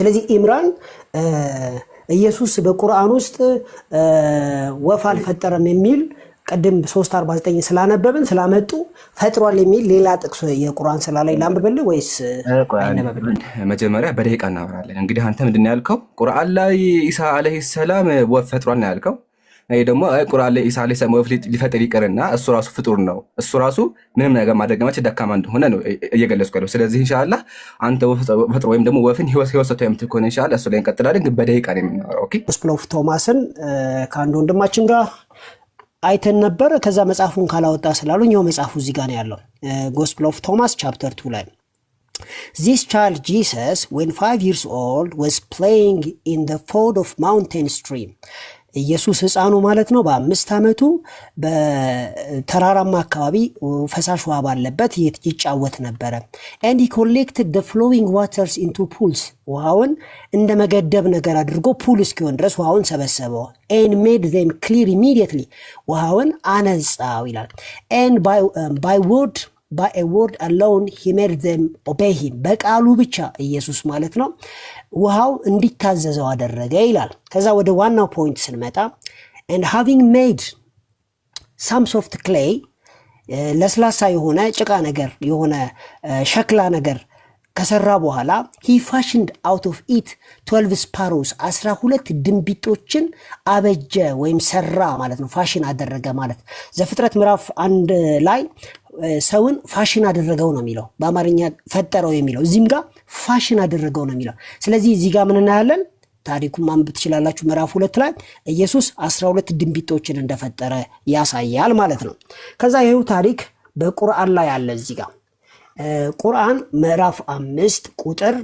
ስለዚህ ኢምራን ኢየሱስ በቁርአን ውስጥ ወፍ አልፈጠረም የሚል ቅድም 349 ስላነበብን ስላመጡ ፈጥሯል የሚል ሌላ ጥቅስ የቁርአን ስላ ላይ ላንብብልህ ወይስ አይነበብልህ? መጀመሪያ በደቂቃ እናብራለን። እንግዲህ አንተ ምንድን ነው ያልከው? ቁርአን ላይ ኢሳ አለይሂ ሰላም ወፍ ፈጥሯል ነው ያልከው ይሄ ደግሞ ቁርአን ላይ ኢሳ ላይ ሰላም ወፍ ሊፈጥር ይቅርና እሱ ራሱ ፍጡር ነው። እሱ ራሱ ምንም ነገር ማድረግ ማችል ደካማ እንደሆነ ነው እየገለጽኩ ያለው። ስለዚህ እንሻላ አንተ ፈጥሮ ወይም ደግሞ ወፍን ህይወት ህይወት ሰጥቶ የምትል ከሆነ እንሻላ እሱ ላይ እንቀጥላለን፣ ግን በደቂቃ ነው የምናወራው። ኦኬ ጎስፕል ኦፍ ቶማስን ከአንድ ወንድማችን ጋር አይተን ነበር። ከዛ መጽሐፉን ካላወጣ ስላሉኝ ይኸው መጽሐፉ እዚህ ጋር ነው ያለው። ጎስፕል ኦፍ ቶማስ ቻፕተር ቱ ላይ This child Jesus, when five years old, was playing in the fold of mountain stream. ኢየሱስ ህፃኑ ማለት ነው በአምስት ዓመቱ በተራራማ አካባቢ ፈሳሽ ውሃ ባለበት ይጫወት ነበረ። ኤንድ ኮሌክት ደ ፍሎዊንግ ዋተርስ ኢንቱ ፑልስ ውሃውን እንደ መገደብ ነገር አድርጎ ፑል እስኪሆን ድረስ ውሃውን ሰበሰበው። ኤን ሜድ ዘም ክሊር ኢሚዲየትሊ ውሃውን አነጻው ይላል ኤን ባይ ወርድ ባይ ኤ ወርድ አላውን ሂ ዘም ኦቤይ ሂም በቃሉ ብቻ ኢየሱስ ማለት ነው ውሃው እንዲታዘዘው አደረገ ይላል። ከዛ ወደ ዋናው ፖይንት ስንመጣ ኤንድ ሃቪንግ ሜድ ሳም ሶፍት ክሌይ ለስላሳ የሆነ ጭቃ ነገር የሆነ ሸክላ ነገር ከሰራ በኋላ ሂ ፋሽንድ አውት ኦፍ ኢት ትዌልቭ ስፓሮስ አስራ ሁለት ድንቢጦችን አበጀ ወይም ሰራ ማለት ነው። ፋሽን አደረገ ማለት ዘፍጥረት ምዕራፍ አንድ ላይ ሰውን ፋሽን አደረገው ነው የሚለው በአማርኛ ፈጠረው የሚለው እዚህም ጋር ፋሽን አደረገው ነው የሚለው። ስለዚህ እዚህ ጋር ምን እናያለን? ታሪኩን ማንበብ ትችላላችሁ። ምዕራፍ ሁለት ላይ ኢየሱስ አስራ ሁለት ድንቢጦችን እንደፈጠረ ያሳያል ማለት ነው። ከዛ ይህው ታሪክ በቁርአን ላይ አለ። እዚህ ጋር ቁርአን ምዕራፍ አምስት ቁጥር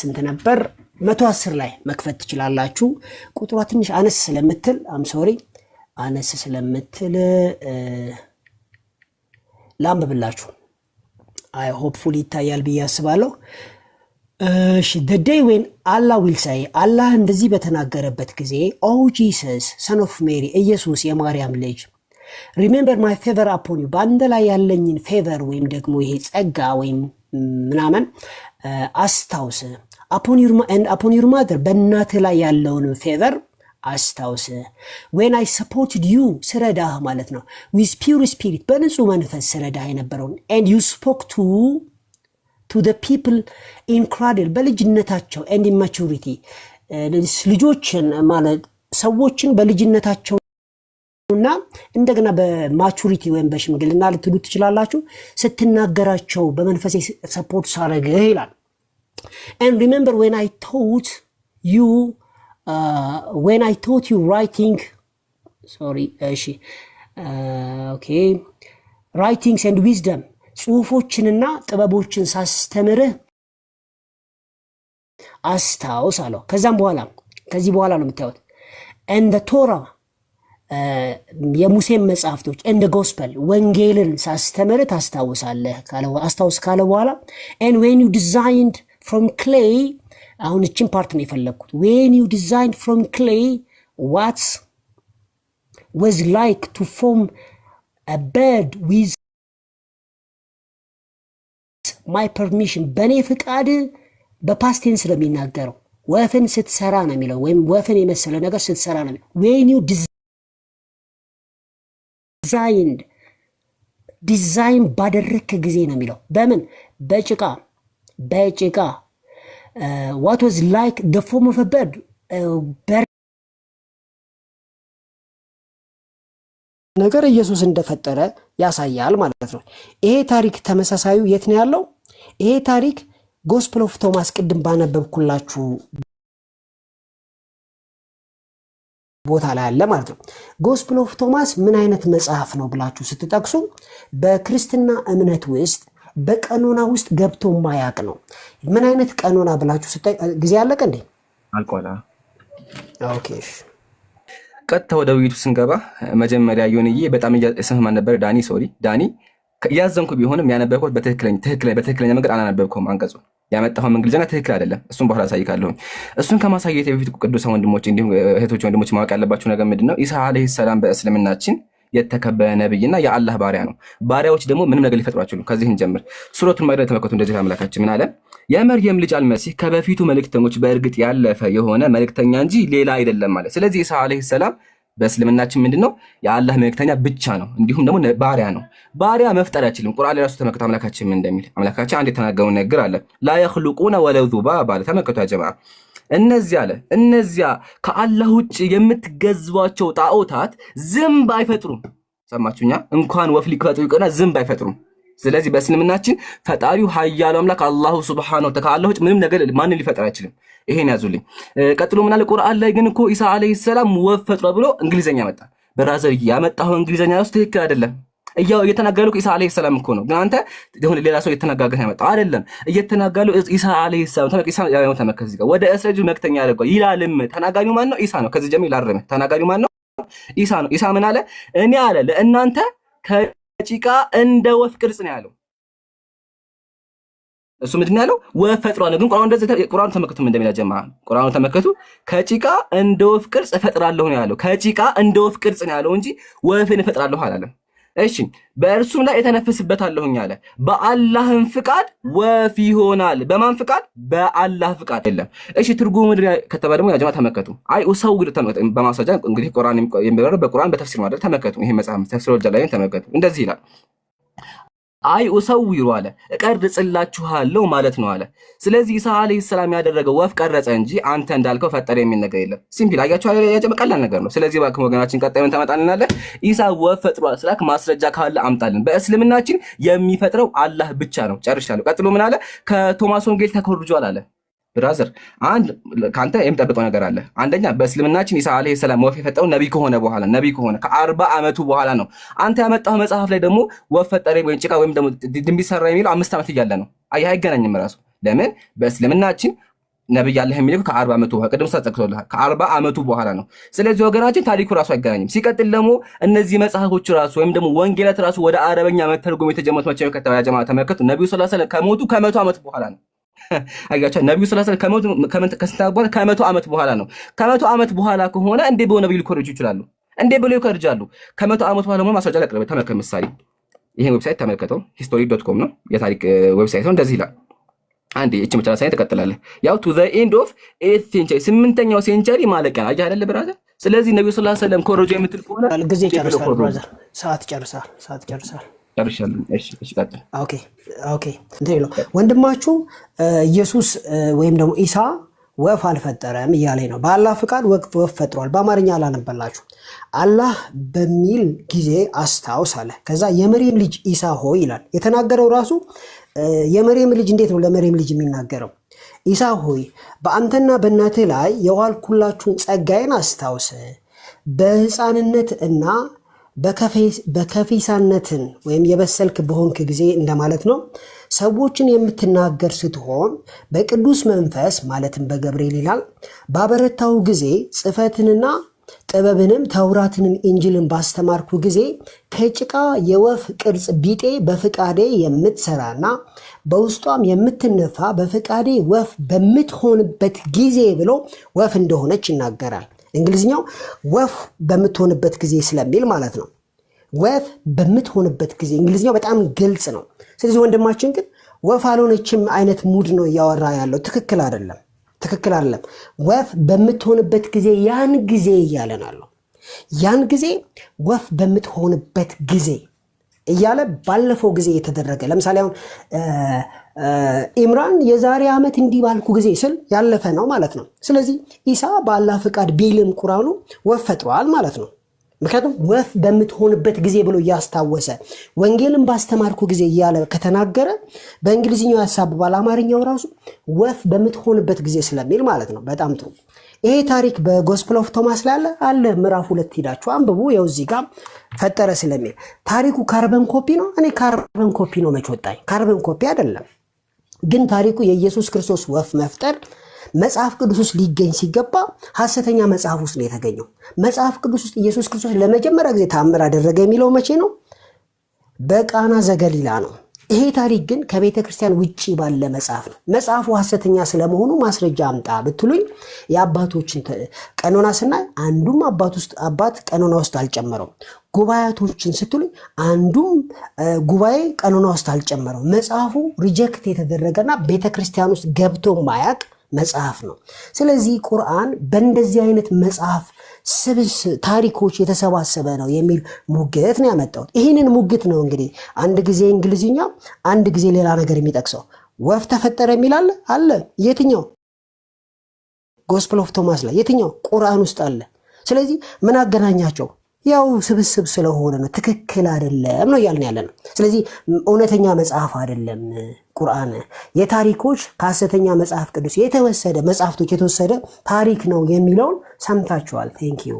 ስንት ነበር? መቶ አስር ላይ መክፈት ትችላላችሁ። ቁጥሯ ትንሽ አነስ ስለምትል አምሶሪ አነስ ስለምትል ላንብብላችሁ። አይ ሆፕፉሊ ይታያል ብዬ አስባለሁ። እሺ ደ ዴይ ዌን አላህ ዊል ሳይ አላህ እንደዚህ በተናገረበት ጊዜ ኦ ጂሰስ ሰን ኦፍ ሜሪ ኢየሱስ የማርያም ልጅ ሪሜምበር ማይ ፌቨር አፖን ዩ በአንተ ላይ ያለኝን ፌቨር ወይም ደግሞ ይሄ ጸጋ ወይም ምናምን አስታውስ አፖን ዩር ማዘር በእናትህ ላይ ያለውን ፌቨር አስታውስ። ዌን አይ ሰፖርትድ ዩ ስረዳህ ማለት ነው። ዊዝ ፒውር ስፒሪት በንጹህ መንፈስ ስረዳህ የነበረውን ኤንድ ዩ ስፖክ ቱ ቱ ፒፕል ኢን ክራድል በልጅነታቸው ኤንድ ኢን ልጆችን ማለት ሰዎችን በልጅነታቸው እና እንደገና በማቹሪቲ ወይም በሽምግልና ልትሉ ትችላላችሁ። ስትናገራቸው በመንፈሴ ሰፖርት ሳረግህ ይላል። ኤንድ ሪሜምበር ዌን አይ ቶት ዩ ዌን አይ ቶት ዩ ራይቲንግ ሶሪ፣ እሺ፣ ኦኬ ራይቲንግስ ኤንድ ዊዝደም ጽሁፎችንና ጥበቦችን ሳስተምርህ አስታውስ አለው። ከዛም በኋላ ከዚህ በኋላ ነው የምታዩት እንደ ቶራ uh, የሙሴን መጽሐፍቶች እንደ ጎስፐል ወንጌልን ሳስተምር ታስታውሳለህ አስታውስ ካለ በኋላ ን ዌን ዩ ዲዛይንድ ፍሮም ክሌይ አሁን እችን ፓርት ነው የፈለግኩት። ዌን ዩ ዲዛይን ፍሮም ክሌይ ዋትስ ወዝ ላይክ ቱ ፎርም በርድ ዊዝ ማይ ፐርሚሽን፣ በእኔ ፍቃድ በፓስቴን ስለሚናገረው ወፍን ስትሰራ ነው የሚለው ወይም ወፍን የመሰለ ነገር ስትሰራ ነው ዌን ዩ ዲዛይንድ ዲዛይን ባደረክ ጊዜ ነው የሚለው። በምን በጭቃ በጭቃ ዋት ዋዝ ላይክ ደ ፎርም ኦፍ በርድ ነገር ኢየሱስ እንደፈጠረ ያሳያል ማለት ነው። ይሄ ታሪክ ተመሳሳዩ የት ነው ያለው? ይሄ ታሪክ ጎስፕል ኦፍ ቶማስ ቅድም ባነበብኩላችሁ ቦታ ላይ አለ ማለት ነው። ጎስፕል ኦፍ ቶማስ ምን አይነት መጽሐፍ ነው ብላችሁ ስትጠቅሱ በክርስትና እምነት ውስጥ በቀኖና ውስጥ ገብቶ ማያቅ ነው። ምን አይነት ቀኖና ብላችሁ ስታይ ጊዜ አለቀ እንዴ? አልቆላ ቀጥታ ወደ ውይይቱ ስንገባ መጀመሪያ ዮንዬ በጣም ስምህ ነበር? ዳኒ ሶሪ፣ ዳኒ እያዘንኩ ቢሆንም ያነበብኩት በትክክለኛ መንገድ አላነበብከውም። አንቀጹ ያመጣኸው እንግሊዝኛ ትክክል አይደለም። እሱን በኋላ አሳይካለሁኝ። እሱን ከማሳየት በፊት ቅዱሳ ወንድሞች፣ እንዲሁም እህቶች፣ ወንድሞች ማወቅ ያለባቸው ነገር ምንድን ነው? ኢሳ ሰላም በእስልምናችን የተከበረ ነብይና የአላህ ባሪያ ነው። ባሪያዎች ደግሞ ምንም ነገር ሊፈጥሩ አይችሉም። ከዚህ እንጀምር። ሱረቱን ማኢዳ ተመልከቱ። እንደዚህ አምላካችን ምን አለ? የመርየም ልጅ አልመሲህ ከበፊቱ መልእክተኞች በእርግጥ ያለፈ የሆነ መልእክተኛ እንጂ ሌላ አይደለም ማለት። ስለዚህ ኢሳ ዓለይሂ ሰላም በእስልምናችን ምንድን ነው? የአላህ መልእክተኛ ብቻ ነው። እንዲሁም ደግሞ ባሪያ ነው። ባሪያ መፍጠር አይችልም። ቁርአን ላይ ራሱ ተመልከቱ አምላካችን ምን እንደሚል። አምላካችን አንድ የተናገሩ ነገር አለ። ላ የኽሉቁነ ወለው ዙባባ ተመልከቱ ያ ጀማዓ እነዚህ አለ እነዚያ ከአላህ ውጭ የምትገዝቧቸው ጣዖታት ዝንብ አይፈጥሩም። ሰማችሁኛ? እንኳን ወፍ ሊፈጥሩ ይቅርና ዝንብ አይፈጥሩም። ስለዚህ በእስልምናችን ፈጣሪው ኃያሉ አምላክ አላሁ ሱብሓነሁ ተዓላ ውጭ ምንም ነገር ማንን ሊፈጥር አይችልም። ይሄን ያዙልኝ። ቀጥሎ ምናለ ቁርአን ላይ ግን እኮ ኢሳ አለይሂ ሰላም ወፍ ፈጥሯ ብሎ እንግሊዘኛ መጣ። በራዘር ያመጣው እንግሊዘኛ ውስጥ ትክክል አይደለም። እያው እየተናገሉ ኢሳ አለይሂ ሰላም እኮ ነው። ግን አንተ ይሁን ሌላ ሰው እየተናጋገ ያመጣው አይደለም። እየተናጋሉ ኢሳ አለይሂ ሰላም ተመክ ኢሳ ያለው ተመከስ ይጋ ወደ እስረጁ መክተኛ ያደርገው ይላልም። ተናጋሪው ማን ነው? ኢሳ ነው። ከዚህ ጀምሮ ይላረመ ተናጋሪው ማን ነው? ኢሳ ነው። ኢሳ ምን አለ? እኔ አለ ለእናንተ ከጭቃ እንደ ወፍ ቅርጽ ነው ያለው። እሱ ምንድን ያለው ወፍ ነው። ግን ቁርአን እንደዚህ ቁርአን ተመከቱ እንደሚላ ጀማ ቁርአን ተመከቱ ከጭቃ እንደ ወፍ ቅርጽ እፈጥራለሁ ነው ያለው። ከጭቃ እንደ ወፍ ቅርጽ ነው ያለው እንጂ ወፍን እፈጥራለሁ አላለም። እሺ በእርሱም ላይ የተነፍስበታለሁኝ አለ። በአላህም ፍቃድ ወፍ ይሆናል። በማን ፍቃድ? በአላህ ፍቃድ የለም። እሺ ትርጉሙ ምድር ከተባለ ደግሞ ያጀማ ተመከቱ። አይ ኡሰው ግድ በማስረጃ እንግዲህ ቁርአን የሚበረረ በቁርአን በተፍሲር ማድረግ ተመከቱ። ይሄ መጽሐፍ ተፍሲር ወልጃ ላይ ተመከቱ። እንደዚህ ይላል አይ ኡሰውሩ አለ እቀርጽላችኋለሁ ማለት ነው አለ። ስለዚህ ኢሳ አለይሂ ሰላም ያደረገው ወፍ ቀረጸ እንጂ አንተ እንዳልከው ፈጠረ የሚል ነገር የለም። ሲምፕል አያችሁ፣ ቀላል ነገር ነው። ስለዚህ እባክህ ወገናችን ቀጣይ ቀጣዩን ታመጣልናለህ። ኢሳ ወፍ ፈጥሯል ስላክ ማስረጃ ካለ አምጣልን። በእስልምናችን የሚፈጥረው አላህ ብቻ ነው። ጨርሻለሁ። ቀጥሎ ምን አለ? ከቶማስ ወንጌል ተኮርጇል አለ ብራዘር አንድ ከአንተ የምጠብቀው ነገር አለ። አንደኛ በእስልምናችን ኢሳ ዓለይሂ ሰላም ወፍ የፈጠረው ነቢ ከሆነ በኋላ ነቢ ከሆነ ከአርባ ዓመቱ በኋላ ነው። አንተ ያመጣው መጽሐፍ ላይ ደግሞ ወፍ ፈጠረ ወይም ጭቃ ወይም ደግሞ ድንቢጥ ሰራ የሚለው አምስት ዓመት እያለ ነው። አይ አይገናኝም ራሱ። ለምን በእስልምናችን ነብይ ያለህ የሚል ከአርባ ዓመቱ በኋላ ቅድም ተጠቅሶልሃል። ከአርባ ዓመቱ በኋላ ነው። ስለዚህ ወገናችን ታሪኩ ራሱ አይገናኝም። ሲቀጥል ደግሞ እነዚህ መጽሐፎች ራሱ ወይም ደግሞ ወንጌላት ራሱ ወደ አረበኛ መተርጎም የተጀመሩት መቼ ከተባለ ጀማ ተመልከቱ። ነቢዩ ሰለላሁ ዐለይሂ ወሰለም ከሞቱ ከመቶ ዓመት በኋላ ነው። አያቸው ነቢዩ ስላ ከስንት በኋላ ከመቶ ዓመት በኋላ ነው። ከመቶ ዓመት በኋላ ከሆነ እንዴ በሆነ ነቢዩ ሊኮረጁ ይችላሉ። እንዴ ብለው ይኮርጃሉ። ከመቶ ዓመት በኋላ ሆነ ማስረጃ ላቅርብ። ተመልከት፣ ምሳሌ ይህን ዌብሳይት ተመልከተው። ሂስቶሪ ዶት ኮም ነው የታሪክ ዌብሳይት ነው። እንደዚህ ይላል። አንድ እች መቻላ ሳይ ትቀጥላለህ። ያው ቱ ዘ ኤንድ ኦፍ ኤት ሴንቸሪ ስምንተኛው ሴንቸሪ ማለቂያ አይ አይደለ ብራዘር። ስለዚህ ነቢዩ ስላ ሰለም ኮረጆ የምትል ከሆነ ጊዜ ጨርሳል። ብራዘር ሰዓት ጨርሳል። ሰዓት ጨርሳል። ጨርሻለሁ። ወንድማችሁ ኢየሱስ ወይም ደግሞ ኢሳ ወፍ አልፈጠረም እያለኝ ነው። በአላህ ፍቃድ ወፍ ፈጥሯል። በአማርኛ አላነበላችሁ አላህ በሚል ጊዜ አስታውስ አለ። ከዛ የመሬም ልጅ ኢሳ ሆይ ይላል። የተናገረው ራሱ የመሬም ልጅ እንዴት ነው ለመሬም ልጅ የሚናገረው? ኢሳ ሆይ በአንተና በእናትህ ላይ የዋልኩላችሁን ጸጋዬን አስታውስ በህፃንነት እና በከፊሳነትን ወይም የበሰልክ በሆንክ ጊዜ እንደማለት ነው። ሰዎችን የምትናገር ስትሆን በቅዱስ መንፈስ ማለትም በገብርኤል ይላል ባበረታው ጊዜ ጽፈትንና ጥበብንም ተውራትንም ኢንጅልን ባስተማርኩ ጊዜ ከጭቃ የወፍ ቅርጽ ቢጤ በፍቃዴ የምትሰራና በውስጧም የምትነፋ በፍቃዴ ወፍ በምትሆንበት ጊዜ ብሎ ወፍ እንደሆነች ይናገራል። እንግሊዝኛው ወፍ በምትሆንበት ጊዜ ስለሚል ማለት ነው። ወፍ በምትሆንበት ጊዜ እንግሊዝኛው በጣም ግልጽ ነው። ስለዚህ ወንድማችን ግን ወፍ አልሆነችም አይነት ሙድ ነው እያወራ ያለው። ትክክል አይደለም፣ ትክክል አይደለም። ወፍ በምትሆንበት ጊዜ ያን ጊዜ እያለን አለው። ያን ጊዜ ወፍ በምትሆንበት ጊዜ እያለ ባለፈው ጊዜ የተደረገ ለምሳሌ አሁን ኢምራን የዛሬ ዓመት እንዲህ ባልኩ ጊዜ ስል ያለፈ ነው ማለት ነው። ስለዚህ ኢሳ በአላህ ፍቃድ ቢልም ቁራኑ ወፍ ፈጥሯል ማለት ነው። ምክንያቱም ወፍ በምትሆንበት ጊዜ ብሎ እያስታወሰ ወንጌልን ባስተማርኩ ጊዜ እያለ ከተናገረ በእንግሊዝኛው ያሳብባል። አማርኛው ራሱ ወፍ በምትሆንበት ጊዜ ስለሚል ማለት ነው። በጣም ጥሩ ይሄ ታሪክ በጎስፕል ኦፍ ቶማስ ላለ አለ ምዕራፍ ሁለት ሂዳችሁ አንብቡ። ያው እዚህ ጋር ፈጠረ ስለሚል ታሪኩ ካርበን ኮፒ ነው። እኔ ካርበን ኮፒ ነው መች ወጣኝ፣ ካርበን ኮፒ አይደለም። ግን ታሪኩ የኢየሱስ ክርስቶስ ወፍ መፍጠር መጽሐፍ ቅዱስ ውስጥ ሊገኝ ሲገባ ሐሰተኛ መጽሐፍ ውስጥ ነው የተገኘው። መጽሐፍ ቅዱስ ውስጥ ኢየሱስ ክርስቶስ ለመጀመሪያ ጊዜ ታምር አደረገ የሚለው መቼ ነው? በቃና ዘገሊላ ነው። ይሄ ታሪክ ግን ከቤተ ክርስቲያን ውጭ ባለ መጽሐፍ ነው። መጽሐፉ ሐሰተኛ ስለመሆኑ ማስረጃ አምጣ ብትሉኝ የአባቶችን ቀኖና ስናይ አንዱም አባት ቀኖና ውስጥ አልጨመረው። ጉባኤቶችን ስትሉኝ አንዱም ጉባኤ ቀኖና ውስጥ አልጨመረው። መጽሐፉ ሪጀክት የተደረገና ቤተ ክርስቲያን ውስጥ ገብቶ ማያቅ መጽሐፍ ነው። ስለዚህ ቁርአን በእንደዚህ አይነት መጽሐፍ ስብስ ታሪኮች የተሰባሰበ ነው የሚል ሙግት ነው ያመጣሁት። ይህንን ሙግት ነው እንግዲህ አንድ ጊዜ እንግሊዝኛ፣ አንድ ጊዜ ሌላ ነገር የሚጠቅሰው ወፍ ተፈጠረ የሚል አለ አለ። የትኛው ጎስፕል ኦፍ ቶማስ ላይ የትኛው ቁርአን ውስጥ አለ? ስለዚህ ምን አገናኛቸው? ያው ስብስብ ስለሆነ ነው። ትክክል አይደለም ነው እያልን ያለ ነው። ስለዚህ እውነተኛ መጽሐፍ አይደለም። ቁርአን የታሪኮች ከሐሰተኛ መጽሐፍ ቅዱስ የተወሰደ መጽሐፍቶች የተወሰደ ታሪክ ነው የሚለውን ሰምታችኋል። ቴንክ ዩ።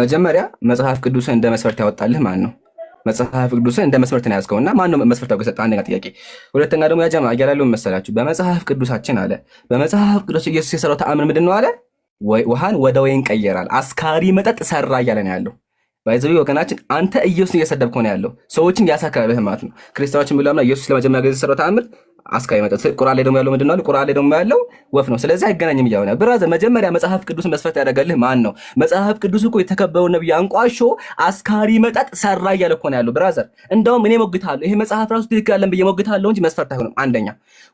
መጀመሪያ መጽሐፍ ቅዱስን እንደ መስፈርት ያወጣልህ ማን ነው? መጽሐፍ ቅዱስን እንደ መስፈርት ነው ያዝከው እና ማን ነው መስፈርት አውቀህ ሰጠህ? አንደኛ ጥያቄ። ሁለተኛ ደግሞ ያጀማ ያላለው መሰላችሁ በመጽሐፍ ቅዱሳችን አለ በመጽሐፍ ቅዱስ ኢየሱስ የሰራው ተአምር ምንድን ነው አለ? ውሃን ወደ ወይን ቀየራል፣ አስካሪ መጠጥ ሰራ እያለ ነው ያለው ባይዘዊ ወገናችን አንተ ኢየሱስን እየሰደብክ ሆነ ያለው ሰዎችን ያሳከበህ ማለት ነው። ክርስቲያኖች የሚሉ ኢየሱስ ለመጀመሪያ ጊዜ የሰራው ተአምር አስካይ መጠጥ ቁርአን ላይ ደግሞ ያለው ምንድን ነው? ቁርአን ላይ ደግሞ ያለው ወፍ ነው። ስለዚህ አይገናኝም እያሆነ ብራዘር፣ መጀመሪያ መጽሐፍ ቅዱስ መስፈርት ያደረገልህ ማን ነው? መጽሐፍ ቅዱስ እኮ የተከበረው ነብይ አንቋሾ አስካሪ መጠጥ ሰራ እያለ እኮ ነው ያለው ብራዘር። እንደውም እኔ ሞግታለሁ፣ ይሄ መጽሐፍ ራሱ ትክክል ያለን ብዬ ሞግታለሁ እንጂ መስፈርት አይሆንም። አንደኛ።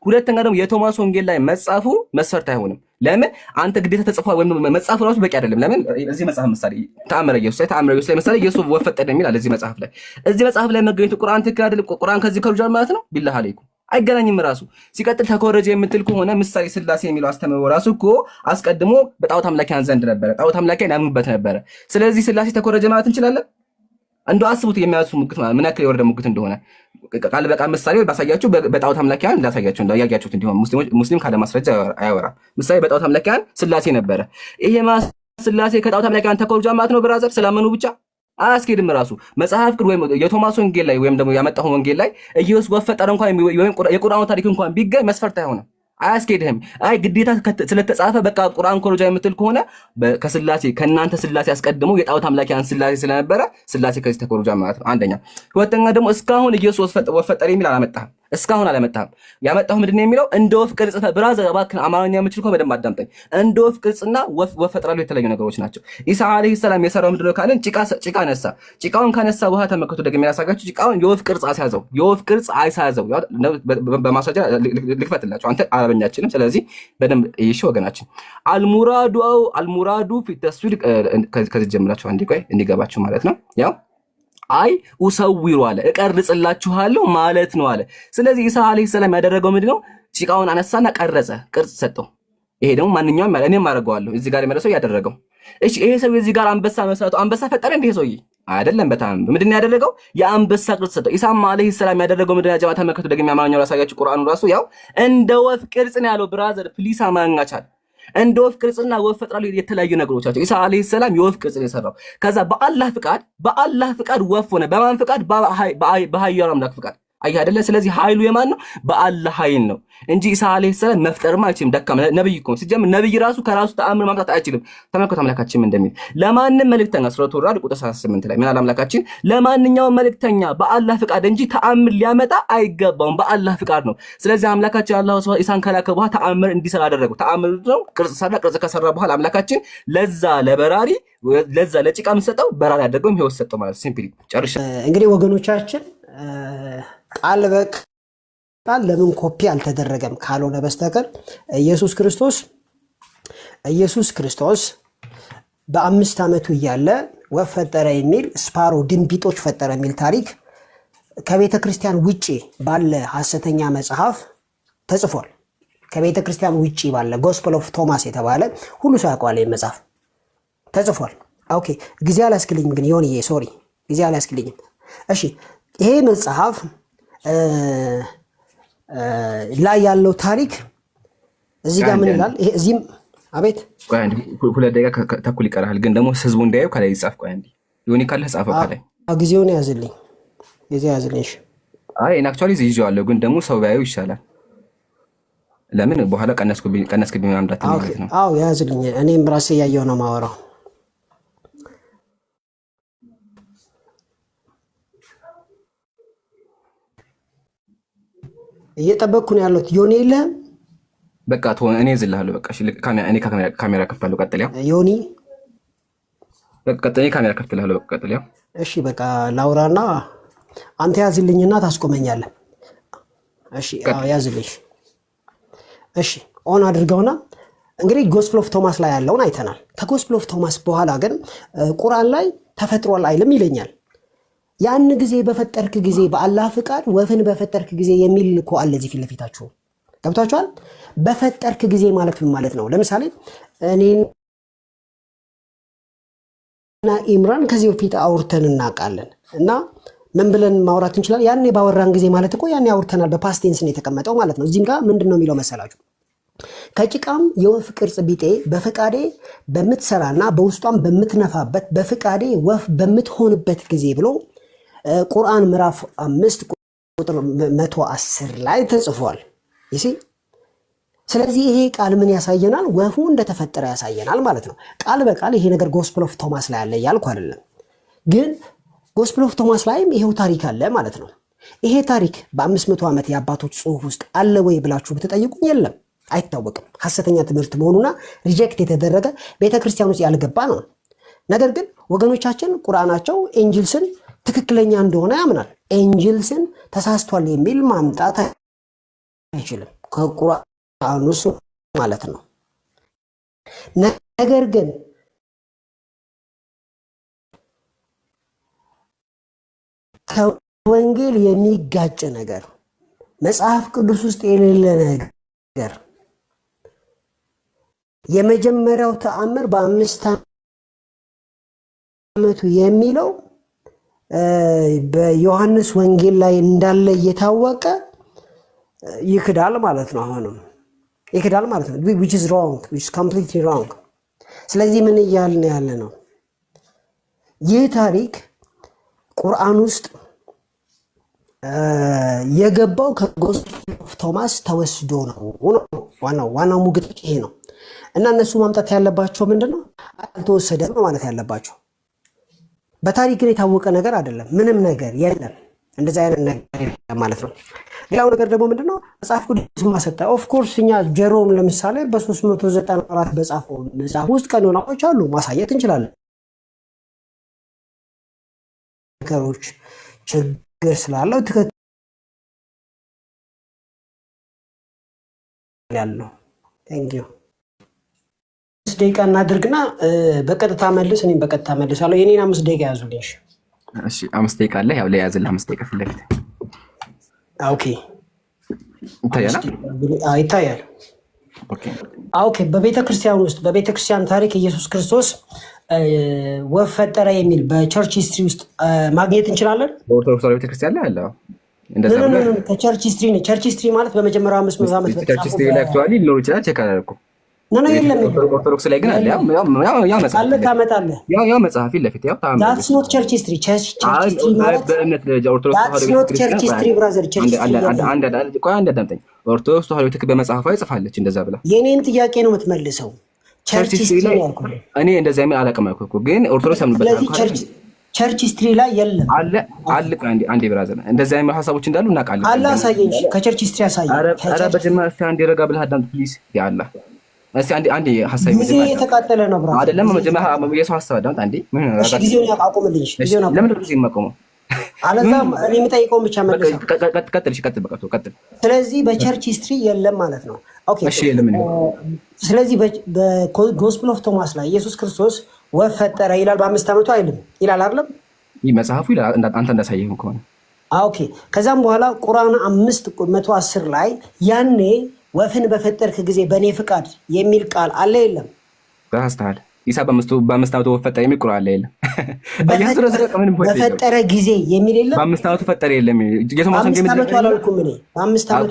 ሁለተኛ ደግሞ የቶማስ ወንጌል ላይ መጻፉ መስፈርት አይሆንም። ለምን አንተ ግዴታ ተጽፏል ወይም መጽሐፍ ራሱ በቂ አይደለም። ለምን እዚህ መጽሐፍ ምሳሌ ተአምረ ኢየሱስ ላይ ተአምረ ኢየሱስ ላይ ምሳሌ ኢየሱስ ወፈጠደ የሚል አለ እዚህ መጽሐፍ ላይ እዚህ መጽሐፍ ላይ መገኘቱ ቁርአን ትክክል አይደለም። ቁርአን ከዚህ ከሩጃል ማለት ነው። ቢላህ አለይኩም አይገናኝም። ራሱ ሲቀጥል ተኮረጀ የምትል ከሆነ ምሳሌ ስላሴ የሚለው አስተምህሮ ራሱ እኮ አስቀድሞ በጣዖት አምላኪያን ዘንድ ነበረ። ጣዖት አምላኪያን ያምኑበት ነበረ። ስለዚህ ስላሴ ተኮረጀ ማለት እንችላለን። እንደው አስቡት የሚያሱ ሙግት ምን ያክል የወረደ ሙግት እንደሆነ ቃል በቃል ምሳሌ ባሳያችሁ በጣዖት አምላኪያን እንዳሳያችሁ እንዳያችሁት እንዲሆን ሙስሊም ካለ ማስረጃ አያወራም። ምሳሌ በጣዖት አምላኪያን ስላሴ ነበረ። ይሄ ስላሴ ከጣዖት አምላኪያን ተኮርጃ ማለት ነው ብራዘር ስላመኑ ብቻ አያስኬድም። ራሱ መጽሐፍ ቅዱስ ወይም የቶማስ ወንጌል ላይ ወይም ደግሞ ያመጣሁ ወንጌል ላይ ኢየሱስ ወፈጠረ እንኳን የቁርአኑ ታሪክ እንኳን ቢገኝ መስፈርት አይሆንም። አያስኬድህም። አይ ግዴታ ስለተጻፈ በቃ ቁርአን ኮረጃ የምትል ከሆነ ከስላሴ ከእናንተ ስላሴ አስቀድመው የጣዖት አምላኪያን ስላሴ ስለነበረ ስላሴ ከዚህ ተኮረጃ ማለት ነው። አንደኛ። ሁለተኛ ደግሞ እስካሁን ኢየሱስ ወፈጠር የሚል አላመጣህም። እስካሁን አላመጣህም። ያመጣሁ ምንድን ነው የሚለው እንደ ወፍ ቅርጽ ብራዘር፣ እባክህ አማርኛ የምችል ከሆነ በደንብ አዳምጠኝ። እንደ ወፍ ቅርጽና ወፍ ወፍ ፈጥራሉ የተለያዩ ነገሮች ናቸው። ኢሳ አለይሂ ሰላም የሰራው ምንድን ነው ካልን ጭቃ ነሳ። ጭቃውን ከነሳ በኋላ ተመልከቱ፣ ደግሞ የሚያሳጋችሁ ጭቃውን የወፍ ቅርጽ አስያዘው። የወፍ ቅርጽ አይሳያዘው። በማስረጃ ልክፈትላቸው፣ አንተ አረበኛችንም። ስለዚህ በደንብ ይሽ ወገናችን። አልሙራዱ አልሙራዱ ፊተስዊድ ከዚህ ጀምራቸው አንዴ እንዲገባቸው ማለት ነው ያው አይ ውሰዊሩ አለ እቀርጽላችኋለሁ ማለት ነው አለ። ስለዚህ ኢሳ አለይሂ ሰላም ያደረገው ምንድነው? ጭቃውን አነሳና ቀረጸ፣ ቅርጽ ሰጠው። ይሄ ደግሞ ማንኛውም ያለ እኔም አደርገዋለሁ እዚህ ጋር የመለሰው ያደረገው። እሺ ይሄ ሰው እዚህ ጋር አንበሳ መስራቱ አንበሳ ፈጠረ እንዴ? ይሄ ሰውዬ አይደለም። በጣም ምንድነው ያደረገው? የአንበሳ ቅርጽ ሰጠው። ኢሳ አለይሂ ሰላም ያደረገው ምንድነው? ጀማ ተመከቱ ደግሞ ያማርኛው ራሳያችሁ ቁርአኑ ራሱ ያው እንደ ወፍ ቅርጽ ነው ያለው። ብራዘር ፕሊስ አማርኛቻል እንደ ወፍ ቅርጽና ወፍ ፈጥራሉ። የተለያዩ ነገሮች ናቸው። ኢሳ አለይሂ ሰላም የወፍ ቅርጽ ነው የሰራው። ከዛ በአላህ ፍቃድ በአላህ ፍቃድ ወፍ ሆነ። በማን ፍቃድ? በሀያሉ አምላክ ፍቃድ አየህ አይደለ? ስለዚህ ኃይሉ የማን ነው? በአላህ ኃይል ነው እንጂ ኢሳ አለይሂ ሰላም መፍጠርም አይችልም። ደካማ ነብይ እኮ ሲጀምር ነብይ ራሱ ከራሱ ተአምር ማምጣት አይችልም። ተመልከቱ አምላካችን እንደሚል ለማንም መልእክተኛ ሱረቱ ራድ ቁጥር 38 ላይ ምን አምላካችን? ለማንኛውም መልእክተኛ በአላህ ፍቃድ እንጂ ተአምር ሊያመጣ አይገባውም። በአላህ ፍቃድ ነው። ስለዚህ አምላካችን አላህ ሱብሃነሁ ኢሳን ከላከ በኋላ ተአምር እንዲሰራ አደረገው። ተአምር ነው ቅርጽ ሰራ። ቅርጽ ከሰራ በኋላ አምላካችን ለዛ ለበራሪ ለዛ ለጭቃ የምንሰጠው በራሪ አደረገው፣ ህይወት ሰጠው ማለት ሲምፕሊ። ጨርሻ እንግዲህ ወገኖቻችን ቃል በቃል ለምን ኮፒ አልተደረገም ካልሆነ በስተቀር ኢየሱስ ክርስቶስ ኢየሱስ ክርስቶስ በአምስት ዓመቱ እያለ ወፍ ፈጠረ የሚል ስፓሮ ድንቢጦች ፈጠረ የሚል ታሪክ ከቤተ ክርስቲያን ውጪ ባለ ሐሰተኛ መጽሐፍ ተጽፏል። ከቤተ ክርስቲያን ውጪ ባለ ጎስፐል ኦፍ ቶማስ የተባለ ሁሉ ሰው ያውቀዋል መጽሐፍ ተጽፏል። ኦኬ ጊዜ አላስክልኝም ግን የሆንዬ ሶሪ ጊዜ አላስክልኝም። እሺ ይሄ መጽሐፍ ላይ ያለው ታሪክ እዚህ ጋር ምን ይላል? እዚህም አቤት ሁለት ደቂቃ ተኩል ይቀራል፣ ግን ደግሞ ህዝቡ እንዳየው ከላይ ይጻፍ። ቆይ አንዴ ዮኒ ካለ ጻፈ። ከላይ ጊዜውን ያዝልኝ፣ ጊዜ ያዝልኝ። አይ አክቹዋሊ ይዤዋለሁ፣ ግን ደግሞ ሰው ቢያየው ይሻላል። ለምን በኋላ ቀነስክብኝ ቀነስኩ ብኝ ማለት ነው። አዎ ያዝልኝ፣ እኔም ራሴ እያየሁ ነው የማወራው። እየጠበቅኩ ነው ያለሁት። ዮኒ የለህም? በቃ ትሆን እኔ ዝልሃለሁ። በቃ እኔ ካሜራ ከፍታለሁ። ቀጥልያ ዮኒ ቀጥሌ ካሜራ ከፍትልሃለሁ። በቃ ቀጥልያ። እሺ በቃ ላውራና አንተ ያዝልኝና ታስቆመኛለህ። እሺ ያዝልሽ። እሺ ኦን አድርገውና እንግዲህ ጎስፕል ኦፍ ቶማስ ላይ ያለውን አይተናል። ከጎስፕል ኦፍ ቶማስ በኋላ ግን ቁርአን ላይ ተፈጥሯል አይልም ይለኛል ያን ጊዜ በፈጠርክ ጊዜ በአላህ ፍቃድ ወፍን በፈጠርክ ጊዜ የሚል እኮ አለ እዚህ ፊት ለፊታችሁ ገብታችኋል። በፈጠርክ ጊዜ ማለት ምን ማለት ነው? ለምሳሌ እኔና ኢምራን ከዚህ በፊት አውርተን እናውቃለን እና ምን ብለን ማውራት እንችላለን? ያኔ ባወራን ጊዜ ማለት እኮ ያኔ አውርተናል። በፓስቴንስ ነው የተቀመጠው ማለት ነው። እዚህም ጋር ምንድን ነው የሚለው መሰላችሁ? ከጭቃም የወፍ ቅርጽ ቢጤ በፈቃዴ በምትሰራና በውስጧም በምትነፋበት በፈቃዴ ወፍ በምትሆንበት ጊዜ ብሎ ቁርአን ምዕራፍ አምስት ቁጥር መቶ አስር ላይ ተጽፏል። ይሲ ስለዚህ ይሄ ቃል ምን ያሳየናል? ወፉ እንደተፈጠረ ያሳየናል ማለት ነው። ቃል በቃል ይሄ ነገር ጎስፕል ኦፍ ቶማስ ላይ አለ እያልኩ አይደለም፣ ግን ጎስፕል ኦፍ ቶማስ ላይም ይሄው ታሪክ አለ ማለት ነው። ይሄ ታሪክ በአምስት መቶ ዓመት የአባቶች ጽሑፍ ውስጥ አለ ወይ ብላችሁ ብትጠይቁኝ የለም፣ አይታወቅም። ሐሰተኛ ትምህርት መሆኑና ሪጀክት የተደረገ ቤተ ክርስቲያን ውስጥ ያልገባ ነው። ነገር ግን ወገኖቻችን ቁርአናቸው ኤንጅልስን ትክክለኛ እንደሆነ ያምናል። ኤንጅልስን ተሳስቷል የሚል ማምጣት አይችልም ከቁርአን ውስጥ ማለት ነው። ነገር ግን ከወንጌል የሚጋጭ ነገር መጽሐፍ ቅዱስ ውስጥ የሌለ ነገር የመጀመሪያው ተአምር በአምስት ዓመቱ የሚለው በዮሐንስ ወንጌል ላይ እንዳለ እየታወቀ ይክዳል ማለት ነው። አሁንም ይክዳል ማለት ነው። which is wrong which is completely wrong። ስለዚህ ምን እያልን ያለ ነው? ይህ ታሪክ ቁርአን ውስጥ የገባው ከጎስፔል ኦፍ ቶማስ ተወስዶ ነው። ዋናው ዋናው ሙግት ይሄ ነው እና እነሱ ማምጣት ያለባቸው ምንድን ነው? አልተወሰደም ማለት ያለባቸው በታሪክ ግን የታወቀ ነገር አይደለም። ምንም ነገር የለም። እንደዚ አይነት ነገር የለም ማለት ነው። ሌላው ነገር ደግሞ ምንድነው መጽሐፍ ቅዱስ ማሰጠ ኦፍኮርስ እኛ ጀሮም ለምሳሌ በ394 በጻፈው መጽሐፍ ውስጥ ቀኖናዎች አሉ፣ ማሳየት እንችላለን። ነገሮች ችግር ስላለው ትክክል ያለው አምስት ደቂቃ እናድርግና በቀጥታ መልስ፣ እኔም በቀጥታ መልሳለሁ። የኔን አምስት ደቂቃ ያዙልኝ። አምስት ደቂቃ አለ። ያው ለያዝልህ አምስት ደቂቃ ፊት ለፊት ኦኬ። ይታያል ይታያል። ኦኬ። በቤተ ክርስቲያን ውስጥ በቤተ ክርስቲያን ታሪክ ኢየሱስ ክርስቶስ ወፍ ፈጠረ የሚል በቸርች ሂስትሪ ውስጥ ማግኘት እንችላለን። በኦርቶዶክስ ቤተ ክርስቲያን ላይ አለ። ከቸርች ሂስትሪ ነው። ቸርች ሂስትሪ ማለት በመጀመሪያው አምስት መቶ ዓመት ቸርች ላይ አክቹዋሊ ሊኖር ይችላል። ቼክ አላደረኩም ነው የለም። ኦርቶዶክስ ላይ ግን አለ። ያው መጽሐፍ ፊት ለፊት ያው ቸርች ሂስትሪ ኦርቶዶክስ ተዋሕዶ ቤተ በመጽሐፏ ይጽፋለች እንደዛ ብላ የኔን ጥያቄ ነው የምትመልሰው። ቸርች ሂስትሪ ላይ እኔ እንደዛ የሚል አላውቅም አልኩህ እኮ ግን ኦርቶዶክስ ቸርች ሂስትሪ ላይ የለም አለ አለ። አንዴ ብራዘር እንደዚህ አይነት ሀሳቦች እንዳሉ እናውቃለን። አላህ አሳየኝ፣ ከቸርች ሂስትሪ አሳየኝ። ኧረ በጀመር እስኪ አንዴ ረጋ ብለህ አዳምጥ ፕሊዝ። ያ እስቲ አንዴ አንዴ ሐሳብ ጊዜ እየተቃጠለ ነው ብራ አይደለም። መጀመሪያ የሰው ሐሳብ አዳምጥ አንዴ። ምን እሺ፣ ጊዜውን አቁምልኝ። ጊዜውን አቁም። ለምን ጊዜ የማቆመው? አለዛም እኔ የምጠይቀውን ብቻ መልስ። ቀጥል። እሺ፣ ቀጥል። በቃ ቀጥል። ስለዚህ በቸርች ሂስትሪ የለም ማለት ነው። ኦኬ፣ እሺ፣ የለም። ስለዚህ በጎስፕል ኦፍ ቶማስ ላይ ኢየሱስ ክርስቶስ ወፍ ፈጠረ ይላል። በአምስት ዓመቱ አይልም ይላል አይደለም? ይህ መጽሐፉ ይላል። አንተ እንዳሳየህም ከሆነ ኦኬ። ከዛም በኋላ ቁርአን አምስት መቶ አስር ላይ ያኔ ወፍን በፈጠርክ ጊዜ በእኔ ፍቃድ የሚል ቃል አለ የለም? ተሳስተሃል። ኢሳ በአምስት ወፍ ፈጠረ የሚል ቁርአን ላይ የለም። በፈጠረ ጊዜ የሚል የለም። በአምስት ዓመቱ ፈጠረ የለም።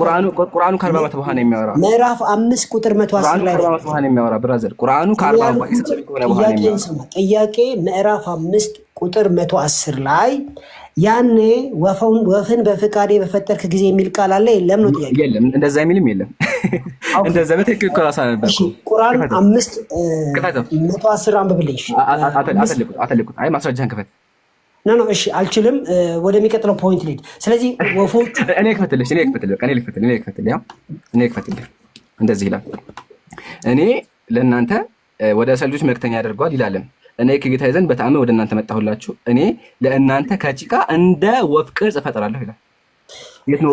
ቁርአኑ ከአርባ ዓመት በኋላ የሚያወራ ምዕራፍ አምስት ቁጥር መቶ አስር ላይ የሚያወራ ብራዘር፣ ቁርአኑ ከአርባ ጥያቄ ምዕራፍ አምስት ቁጥር 110 ላይ ያኔ ወፍን በፍቃዴ በፈጠርክ ጊዜ የሚል ቃል አለ የለም? ነው ጥያቄ። የለም፣ እንደዛ የሚልም የለም። እንደዛ በትክክል ኮራሳ ራሳ ነበር። ቁርአን አምስት መቶ አስር አንብብልኝ። አተልኩት። አይ ማስረጃህን ክፈት። ኖ ኖ፣ እሺ አልችልም። ወደሚቀጥለው ፖይንት ልሂድ። ስለዚህ ወፎቹ እኔ ክፈትልሽ፣ እኔ ክፈትልሽ፣ እኔ ክፈትልሽ፣ እኔ ክፈትልሽ፣ እኔ ክፈትልሽ። እንደዚህ ይላል፣ እኔ ለእናንተ ወደ ሰልጆች ልጆች መልክተኛ ያደርገዋል ይላለን እኔ ከጌታዬ ዘንድ በጣም ወደ እናንተ መጣሁላችሁ፣ እኔ ለእናንተ ከጭቃ እንደ ወፍ ቅርጽ እፈጥራለሁ ይላል። ምንድን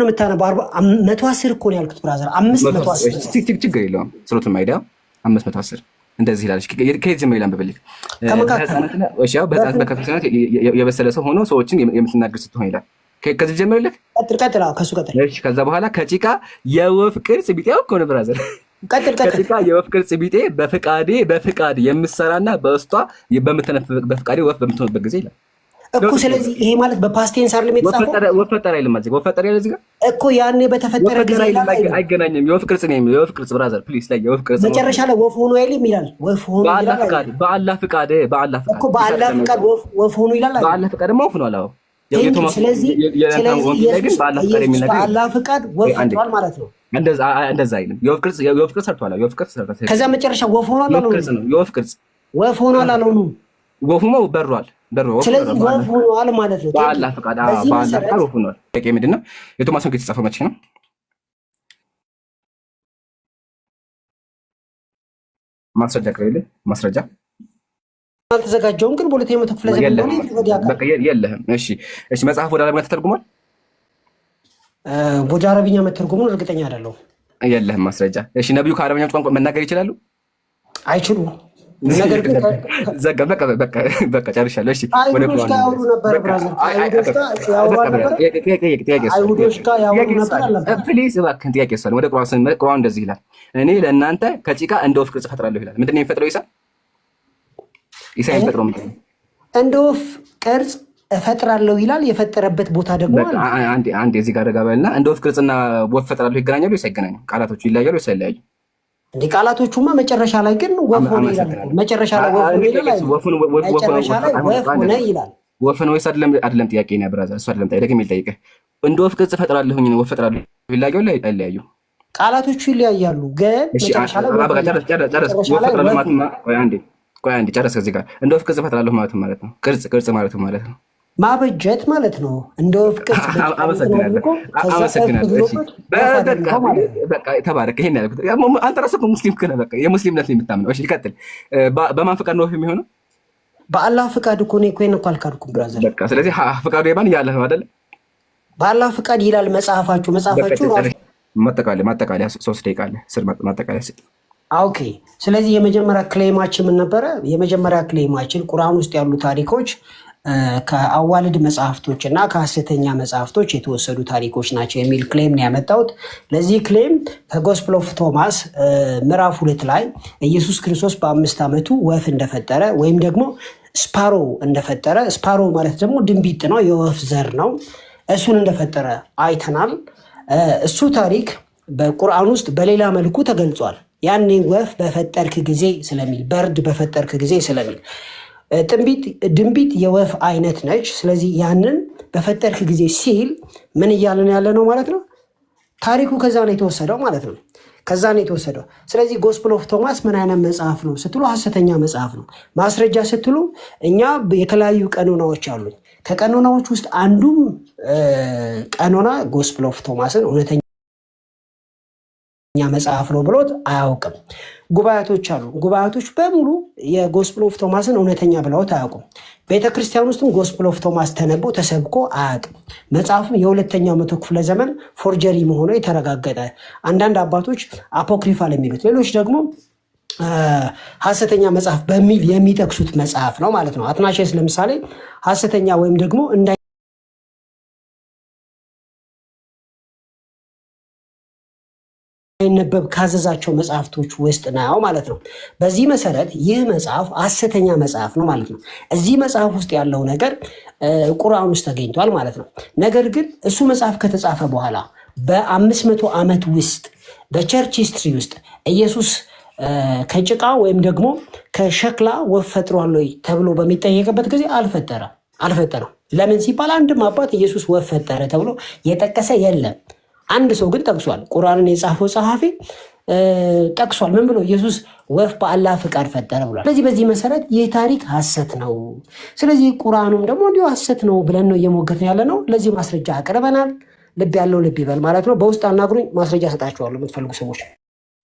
ነው የምታነበው? መቶ አስር እኮ ነው ያልኩት ብራዘር፣ አምስት መቶ አስር ችግር የለውም። ሱረቱል ማይዳ አምስት መቶ አስር እንደዚህ ይላለች። ከየት ጀምሮ ይላል በበልክ በሕፃናት የበሰለ ሰው ሆኖ ሰዎችን የምትናገር ስትሆን ይላል። ከዚህ ጀምሮ ይልክ ከዛ በኋላ ከጭቃ የወፍ ቅርጽ ቢጤው ከሆነ ብራዘር ቀጥታ የወፍቅር ጽቢጤ በፍቃዴ በፍቃድ የምሰራና በውስጧ በፍቃዴ ወፍ በምትሆንበት ጊዜ ይላል እኮ። ስለዚህ ይሄ ማለት በፓስቴንስ አይደለም የተጻፈው። ወፈጠረ አይልም ማለት ወፈጠረ አይደለም እዚህ ጋር እኮ ያኔ በተፈጠረ ጊዜ አይገናኝም። የወፍቅር ጽ ነው የወፍቅር ጽ ብራዘር ፕሊስ ላይ የወፍቅር ጽ መጨረሻ ላይ ወፍ ሆኖ አይልም ይላል። ወፍ ሆኖ በአላህ ፍቃድ በአላህ ፍቃድ በአላህ ፍቃድ እኮ በአላህ ፍቃድ ወፍ ወፍ ሆኖ ይላል። በአላህ ፍቃድ ደግሞ ወፍ ነው አላው። ስለዚህ ስለዚህ በአላህ ፍቃድ ወፍ ሆኗል ማለት ነው። እንደዛ አይልም። የወፍ ቅርጽ የወፍ ቅርጽ ሰርቷል። የወፍ ቅርጽ ሰርቷል። ከዛ መጨረሻ ወፍ ሆኗል። የወፍ ቅርጽ ወፍ ሆኗል አለው ነው ወፉማ በሯል። ስለዚህ ወፍ ሆኗል ማለት ነው። በአላህ ፈቃድ ወፍ ሆኗል። ጥያቄ ምንድን ነው? የቶማስ ወንጌል የተጻፈው መቼ ነው? ማስረጃ ማስረጃ አልተዘጋጀውም፣ ግን በሁለተኛው መቶ ክፍለ ዘመን የለህም። እሺ፣ እሺ። መጽሐፍ ወደ አማርኛ ተተርጉሟል። ቦጃ አረብኛ መተርጎሙን እርግጠኛ አይደለሁም። የለህም ማስረጃ? እሺ ነቢዩ ከአረብኛ ቋንቋ መናገር ይችላሉ? አይችሉም። ነገር ግን በቃ ጨርሻለሁ። ወደ ቁርአን እንደዚህ ይላል፣ እኔ ለእናንተ ከጭቃ እንደ ወፍ ቅርጽ ፈጥራለሁ ይላል። ምንድን ነው የሚፈጥረው? ኢሳ ኢሳ የሚፈጥረው ምንድን ነው? እንደ ወፍ ቅርጽ እፈጥራለሁ ይላል። የፈጠረበት ቦታ ደግሞ አንድ የዚህ ጋር ደጋበልና እንደ ወፍ ቅርጽና ወፍ ፈጥራለሁ ይገናኛሉ ይሳይገናኙ ቃላቶቹ ይለያሉ ይሳይለያዩ እንዲህ ቃላቶቹማ መጨረሻ ላይ ግን ወፍ ሆነ ይላል። መጨረሻ ላይ ወፍ ሆነ ይላል። ወፍ ወፍ ነው ወይስ አይደለም? አይደለም ጥያቄ ነው ብራዘር፣ እሱ አይደለም ጥያቄ የሚል እንደ ወፍ ቅርጽ እፈጥራለሁኝ ወፍ እፈጥራለሁ ይለያዩ አይለያዩ? ቃላቶቹ ይለያያሉ፣ ግን ጨረስ። ከዚህ ጋር እንደ ወፍ ቅርጽ እፈጥራለሁ ማለት ነው ቅርጽ ቅርጽ ማለት ማለት ነው ማበጀት ማለት ነው። እንደ ፍቅር ተባረክ። ይሄን ያልኩት አንተ ራስህ ሙስሊም ክለህ በቃ የሙስሊምነት የምታምነው። እሺ ይቀጥል። በማን ፍቃድ ነው ወፍ የሚሆነው? በአላህ ፍቃድ እኮ ነው። ኮይን እኮ አልካድኩም ብራዘር። በቃ ስለዚህ ፍቃዱ የማን እያለ ነው አይደለ? በአላህ ፍቃድ ይላል መጽሐፋችሁ። መጽሐፋችሁ ማጠቃለያ ማጠቃለያ ሶስት ደቂቃ አለ ስር ማጠቃለያ ስል ኦኬ ስለዚህ የመጀመሪያ ክሌማችን ምን ነበረ? የመጀመሪያ ክሌማችን ቁርአን ውስጥ ያሉ ታሪኮች ከአዋልድ መጽሐፍቶች እና ከሐሰተኛ መጽሐፍቶች የተወሰዱ ታሪኮች ናቸው የሚል ክሌም ነው ያመጣሁት። ለዚህ ክሌም ከጎስፕል ኦፍ ቶማስ ምዕራፍ ሁለት ላይ ኢየሱስ ክርስቶስ በአምስት ዓመቱ ወፍ እንደፈጠረ ወይም ደግሞ ስፓሮ እንደፈጠረ፣ ስፓሮ ማለት ደግሞ ድንቢጥ ነው፣ የወፍ ዘር ነው። እሱን እንደፈጠረ አይተናል። እሱ ታሪክ በቁርአን ውስጥ በሌላ መልኩ ተገልጿል። ያኔ ወፍ በፈጠርክ ጊዜ ስለሚል በርድ በፈጠርክ ጊዜ ስለሚል ድንቢት የወፍ አይነት ነች። ስለዚህ ያንን በፈጠርክ ጊዜ ሲል ምን እያለን ያለ ነው ማለት ነው። ታሪኩ ከዛ ነው የተወሰደው ማለት ነው። ከዛ ነው የተወሰደው። ስለዚህ ጎስፕል ኦፍ ቶማስ ምን አይነት መጽሐፍ ነው ስትሉ፣ ሀሰተኛ መጽሐፍ ነው። ማስረጃ ስትሉ፣ እኛ የተለያዩ ቀኖናዎች አሉኝ። ከቀኖናዎች ውስጥ አንዱም ቀኖና ጎስፕል ኦፍ ቶማስን እውነተኛ እኛ መጽሐፍ ነው ብሎት አያውቅም። ጉባኤቶች አሉ። ጉባኤቶች በሙሉ የጎስፕል ኦፍ ቶማስን እውነተኛ ብለውት አያውቁም። ቤተ ክርስቲያን ውስጥም ጎስፕል ኦፍ ቶማስ ተነቦ ተሰብኮ አያውቅም። መጽሐፉም የሁለተኛው መቶ ክፍለ ዘመን ፎርጀሪ መሆኑ የተረጋገጠ አንዳንድ አባቶች አፖክሪፋል የሚሉት ሌሎች ደግሞ ሐሰተኛ መጽሐፍ በሚል የሚጠቅሱት መጽሐፍ ነው ማለት ነው። አትናሽስ ለምሳሌ ሐሰተኛ ወይም ደግሞ እንዳ እንዲነበብ ካዘዛቸው መጽሐፍቶች ውስጥ ነው ማለት ነው። በዚህ መሰረት ይህ መጽሐፍ ሐሰተኛ መጽሐፍ ነው ማለት ነው። እዚህ መጽሐፍ ውስጥ ያለው ነገር ቁርአን ውስጥ ተገኝቷል ማለት ነው። ነገር ግን እሱ መጽሐፍ ከተጻፈ በኋላ በአምስት መቶ ዓመት ውስጥ በቸርች ሂስትሪ ውስጥ ኢየሱስ ከጭቃ ወይም ደግሞ ከሸክላ ወፍ ፈጥሯል ወይ ተብሎ በሚጠየቅበት ጊዜ አልፈጠረም አልፈጠረም። ለምን ሲባል አንድም አባት ኢየሱስ ወፍ ፈጠረ ተብሎ የጠቀሰ የለም። አንድ ሰው ግን ጠቅሷል። ቁርአንን የጻፈው ጸሐፊ ጠቅሷል። ምን ብሎ ኢየሱስ ወፍ በአላህ ፍቃድ ፈጠረ ብሏል። ስለዚህ በዚህ መሰረት ይህ ታሪክ ሐሰት ነው። ስለዚህ ቁርአኑም ደግሞ እንዲሁ ሐሰት ነው ብለን ነው እየሞገት ነው ያለ ነው። ለዚህ ማስረጃ አቅርበናል። ልብ ያለው ልብ ይበል ማለት ነው። በውስጥ አናግሩኝ፣ ማስረጃ እሰጣችኋለሁ የምትፈልጉ ሰዎች